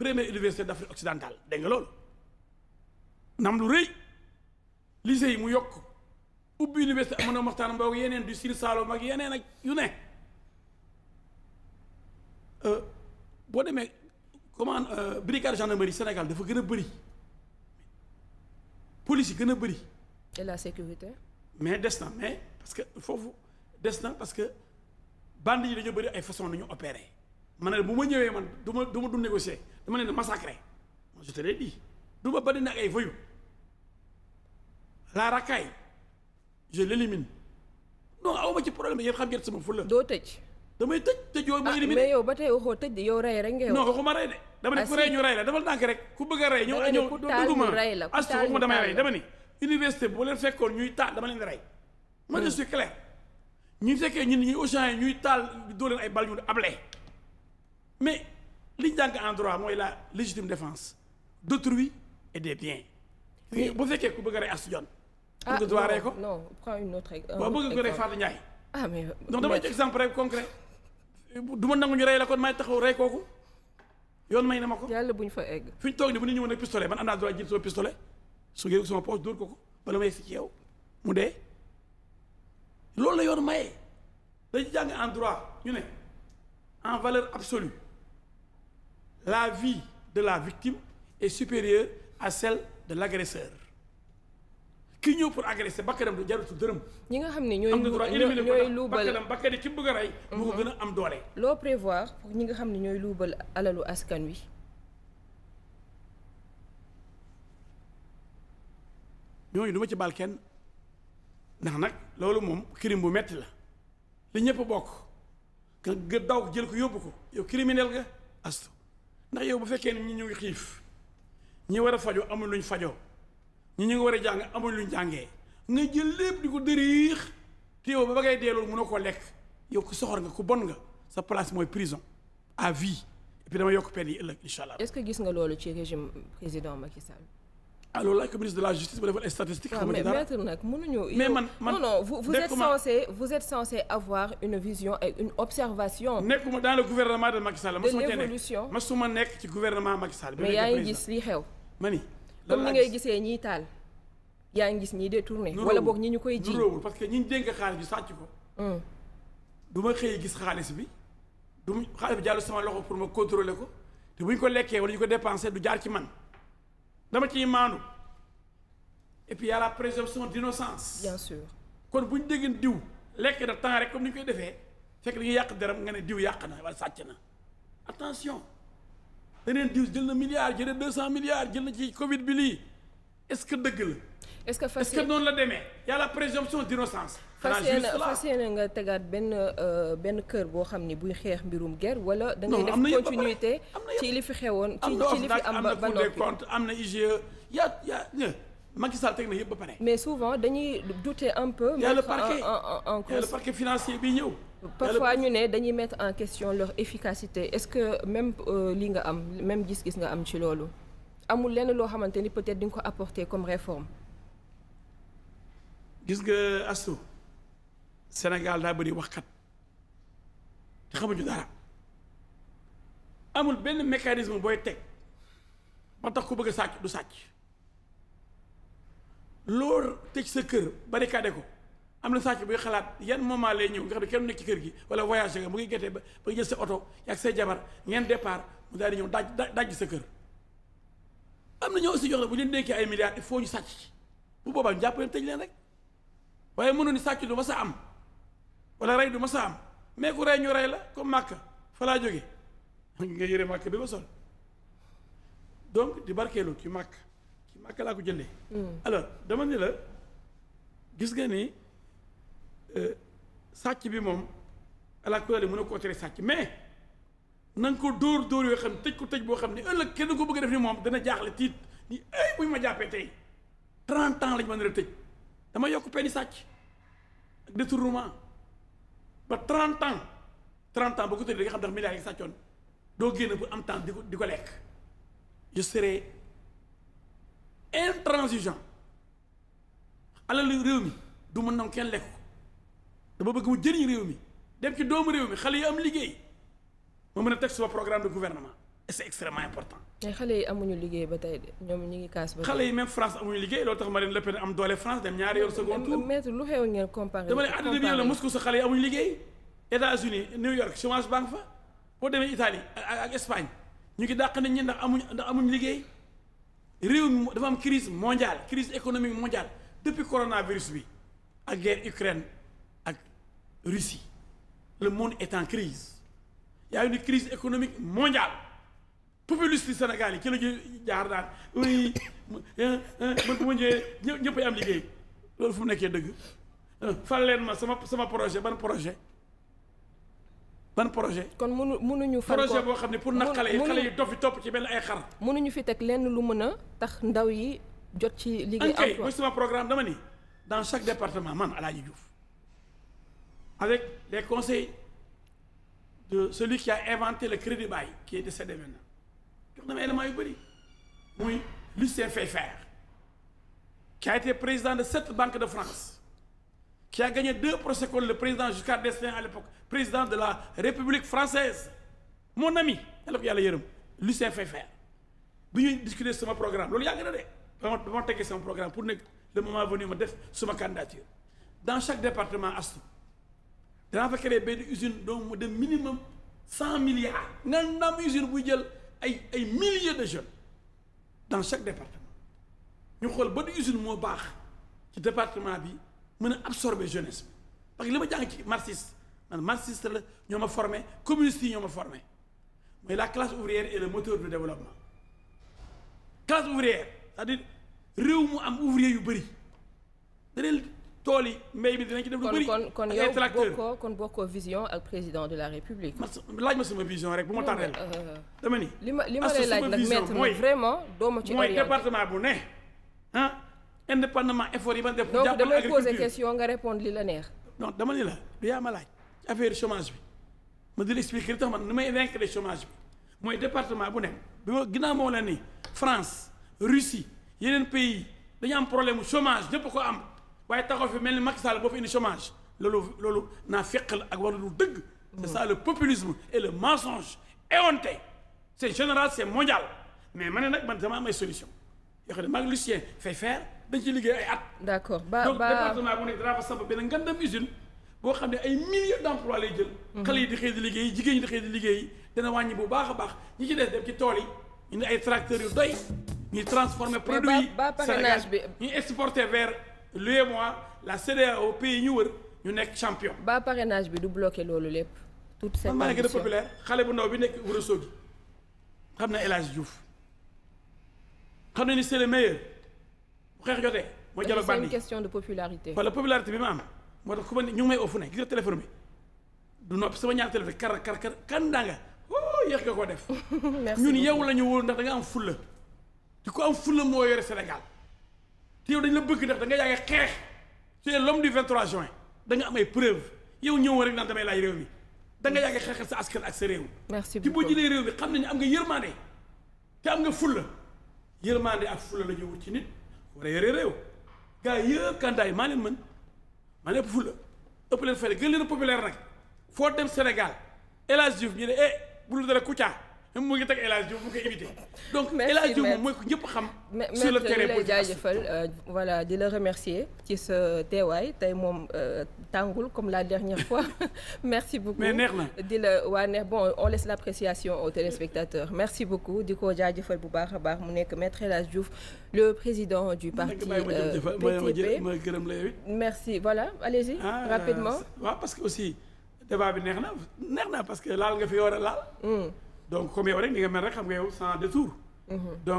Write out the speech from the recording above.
première université d'Afrique occidentale dégg nga loolu nam lu rëy lycée yi mu yokk ubbi université na Mahtar Mbow yeneen du Sine saalo ak yeneen ak yu ne euh, boo demee comment euh, brigade gendarmerie Sénégal dafa gën a bëri police yi gën a bëri. et la sécurité. mais des na mais parce que foofu des na parce que bande yi dañoo bëri ay façon nañu opérer man bu ma ñëwee man du ma du ma dama leen di massacrer moi je te l'ai bari na ay voyous la racaille je l'élimine non awma ci problème yéen xam ngeen sama fulla doo tëj. damay tëj tëj yooyu ma ah, éliminé yow ba tey waxoo tëj yow rey rek ngay non waxuma rey de. dama ne ku rey ah, ñu rey la dafa ndànk rek ku bëgg a rey ñëw ñëw dugguma astu dama ni université bu leen fekkoon ñuy taal dama leen di rey ñu fekkee ñun ñuy ñuy taal doo leen ay bal ñu able li ñu jàng en droit mooy la légitime défense d'autrui et des biens. bu fekkee ku bëgg a rey Astou Dione. ah non non non prends une autre boo bëgg ko rey Fatou Ndiaye. ah mais donc euh, damay exemple rek concret du ma nangu ñu rey la kon may taxaw rey kooku yoon may na ma ko. yàlla buñ fa egg. fi ñu toog nii bu ñu ñëwoon ak pistolet man am naa droit jël sama pistolet su ngeen sama poche dóor ko ko bala may fi ci mu dee loolu la yoon maye dañu jàng en droit ñu ne en valeur absolue. la vie de la victime est supérieure à celle de l'agresseur ki ñëw pour agresser bakkanam du jarutu dërëm. ñi nga xam ne ñooy. am na droit éliminer ko ndax bakkanam a mhm. ko am doole. loo prévoir pour ñi nga xam ne ñooy luubal alalu askan wi. ñooñu du ci balken kenn ndax nag loolu moom crime bu metti la li ñëpp bokk nga daw jël ko yóbbu ko yow criminel nga astu ndax yow bu fekkee ne ñi ñu ngi xiif ñi war a fajo amul luñ fajo ñu ñu ngi war a jàng amul luñ jàngee nga jël lépp di ko dëriix te yow ba ba ngay dee loolu a koo lekk yow ku soxor nga ku bon nga sa place mooy prison à vie et puis dama yokk peine yi ëllëg incha allah. est-ce que gis nga loolu ci régime président Macky Sall. ah loolu laaj la justice ba defal ay statistiques. Ah, xamu ci dara mais maître nag mënuñu. mais man man non non vous nekk ci gouvernement Macky Sall. mais yaa ngi li xew. ma ni comme ni ngay gisee ñiy taal. yaa ngi gis ñiy détourné. wala boog ñi ñu koy ji parce que ñi ñu dénk xaalis bi sàcc ko. Hmm. du ma xëy gis xaalis bi. du ma xaalis bi jàll sama loxo pour ma contrôler ko te bu ñu ko lekkee wala ñu ko dépensé du jaar ci man dama ciy maandu et puis y a la présomption d'innocence kon bu ñu déggee diw lekk da temps rek comme ni ñu koy defee fekk ñu yàq deram nga ne diw yàq na walla sàcc na attention daneen diw jël na milliards jël na deux cent milliards jël na ci Covid bi lii est-ce que dëgg la. est-ce que noonu la demee y a la présomption d'innocence fas yéene fas nga tegaat benn euh, benn kër boo xam ni buy xeex mbirum ger wala da ngay def continuité ci li fi xewoon ci li fi am ba am na Cour des comptes am na IGE yaa yaa Macky yëpp ba pare mais souvent dañuy douter un peu y en cause y a le parquet financier bi parfois ñu ne dañuy mettre en question leur efficacité est-ce que même euh, li nga am même gis-gis nga am ci loolu amul lenn loo xamante ni peut-être di nga ko apporter comme réforme gis nga Astou Sénégal daa bëri waxkat te xamuñu dara amul benn mécanisme booy teg ba tax ko bëgg sàcc du sàcc loolu tëj sa kër barricade ko am na sàcc buy xalaat yan moment lay ñëw nga xam ne kenn nekk ci kër gi wala voyagé nga mu ngi géttee ba ba jël sa oto ak say jabar ngeen départ mu daal di ñëw daj daj sa kër am na ñoo aussi jox la bu ñu dénkee ay milliards il foo ñu sàcc bu boobaa ñu jàpp leen tëj leen rek waaye mënoon ni sàcc du ma sa am. wala rey du ma saam mais ku rey ñu rey la comme màkk fa laa jóge nga yëre màkk bi ba sol donc di barkeelu ci màkk ci màkk laa ko jëndee mm. alors dama ni la gis nga ni euh, sàcc bi moom ala kulali mën a ko tere sàcc mais na ko dóor dóor yoo xam tëj ko tëj boo xam ne ëllëg kenn ko bëgg a def ni moom dana jaaxle tiit ni ay buñ ma jàppee tey trente ans lañ mën a tëj dama yokk peeni sàcc ak détournement ba 30 ans 30 ans boo ko tëddee nga xam ndax milliards yi sàccoon doo génn pour am temps di ko di ko lekk je serai intransigeant réew mi du mën nangu kenn lekk ko dama bëgg mu jëriñ réew mi dem ci doomu réew mi xale yi am liggéey ma mën a teg suma programme de gouvernement et c'est extrêmement important. mais xale yi amuñu liggéey ba tey de ñoom ñu ngi kaas ba. xale yi même France amuñu liggéey loolu tax Marine Le Pen am doole France dem ñaari yoon second tour. maître lu xew ngeen comparé. dama ne àddina Italie ak Espagne ñu ngi dàq nañ ñi ndax amuñ ndax amuñ liggéey réew mi dafa am crise mondiale crise économique mondiale depuis coronavirus bi ak guerre ak Russie le monde est en crise y crise économique mondiale. populiste yi Sénégal yi ci la jaar daan oui man bu ma ñëwee ñëpp am liggéey loolu fu mu nekkee dëgg fal leen ma sama sama projet ban projet ban projet. kon munu munuñu. far projet boo xam ne pour nax xale yi xale yi dof yi topp ci benn ay xar. munuñu fi teg lenn lu mën a tax ndaw yi jot ci. liggéey ak quoi sama programme dama ni dans chaque département man Alaaji Diouf avec les conseils de celui qui a inventé le crédit bail qui est décédé jox na ma éléments yu bëri muy Lucien Pfeffer qui a été président de sept banque de France qui a gagné deux procès le président Giscard d'Estaing à l'époque président de la République française mon ami yàlla ko yàlla yërëm Lucien Pfeffer bi ñuy discuter sama programme loolu yàgg na de ba ma ba ma programme pour nekk le moment venu ma def ma candidature dans chaque département astu danaa fa créer benn usine donc de minimum cent nga jël ay ay milliers de jeunes dans chaque département ñu xool ba du usine moo baax ci département bi mën a absorber jeunesse bi parce que li ma jàng ci marxiste man marxiste la ñoo ma formé communiste ñoo ma formé mooy la classe ouvrière est le moteur du développement classe ouvrière cest réew mu am ouvrier yu bëri tool yi mbéy bi dinañ ci def lu bëri kon kon yow bokkoo kon bokkoo vision ak président de la république. ma laaj ma sama vision rek bu ma tardé euh, dama ni. li ma li ma lay laaj ci orienté mooy département bu ne ah indépendamment ma def. donc damay bi ma di la expliquer li man ni may vaincre chômage bi mooy département bu ne bi ma ginnaaw moo la ni France Russie yeneen pays dañu am problème mu chômage ko am. waaye taxaw fi mel ni Macky saal boo fi indi chômage loolu loolu naa feq la ak war lu dëgg c'est ça le populisme et le mensonge éhonté c'est général c'est mondial mais ma ne nag man dama am ay solution yoo xam ne maa ngi Lucien fay dañ ci liggéey ay at d'accord ba donc département bu nekk danaa fa samp benn ngandam usine boo xam ne ay milliers d'emplois lay jël mhm. xale yi di xëy di liggéey jigéen ñi di xëy di liggéey dana wàññi bu baax a baax ñi ci des dem ci tool yi ñu ne ay tracteurs yu doy ñuy transformer produits yi ñu exporter vers lu l'UEMOA la CEDEAO pays yi ñu wër ñu nekk champion. ba parrainage bi du bloqué loolu lépp. toute cette man maa ngi gën a xale bu ndaw bi nekk Ourossogui xam na El Hadj xam na ni c'est le meilleur bu xeex jotee. mooy Jallo Bandi c'est une de popularité. wala popularité bi ma am moo tax ku ma ni ñu may oo ne gis nga téléphone bi du noppi sama ñaar téléphone kar kar kar kan daa nga woo yéex nga ko def. ñun yow la ñu ndax da am fulla di ko am fulla moo yore Sénégal. te yow dañ la bëgg ndax da nga yaa ngi xeex tu es l'homme du 23 juin da nga am ay preuve yow ñëwoon rek naan damay laaj réew mi da nga yaa ngi xeexal sa askan ak sa réew. merci beaucoup jëlee réew mi xam nañu am nga yërmande te am nga fulla yërmande ak fulla la ñu ci nit war a réew gars yëpp kandaay maa leen mën maa leen ëpp fulla ëpp leen fële gën leen populaire nag foo dem Sénégal El Hadj Diouf ñu ne eh bul dara Kouthia. même mu ngi teg El Hadj Diouf mu koy invité donc El Hadj Diouf moom mooy ko ñëpp xam. sur le terrain lay jaajëfal euh, voilà di la remercier ci sa teewaay tey moom euh, tàngul comme la dernière fois. merci beaucoup mais neex na di la waa neex bon on laisse l' appréciation aux merci beaucoup di ko jaajëfal bu baax a baax mu nekk maître El Hadj Diouf le président du parti euh, PTP ma la yow merci voilà allez-y ah, rapidement waaw parce que aussi débat bi neex na neex parce que laal nga fi war a laal. Hmm. donc comme yow rek ni nga mel rek xam nga yow sans détour mhm.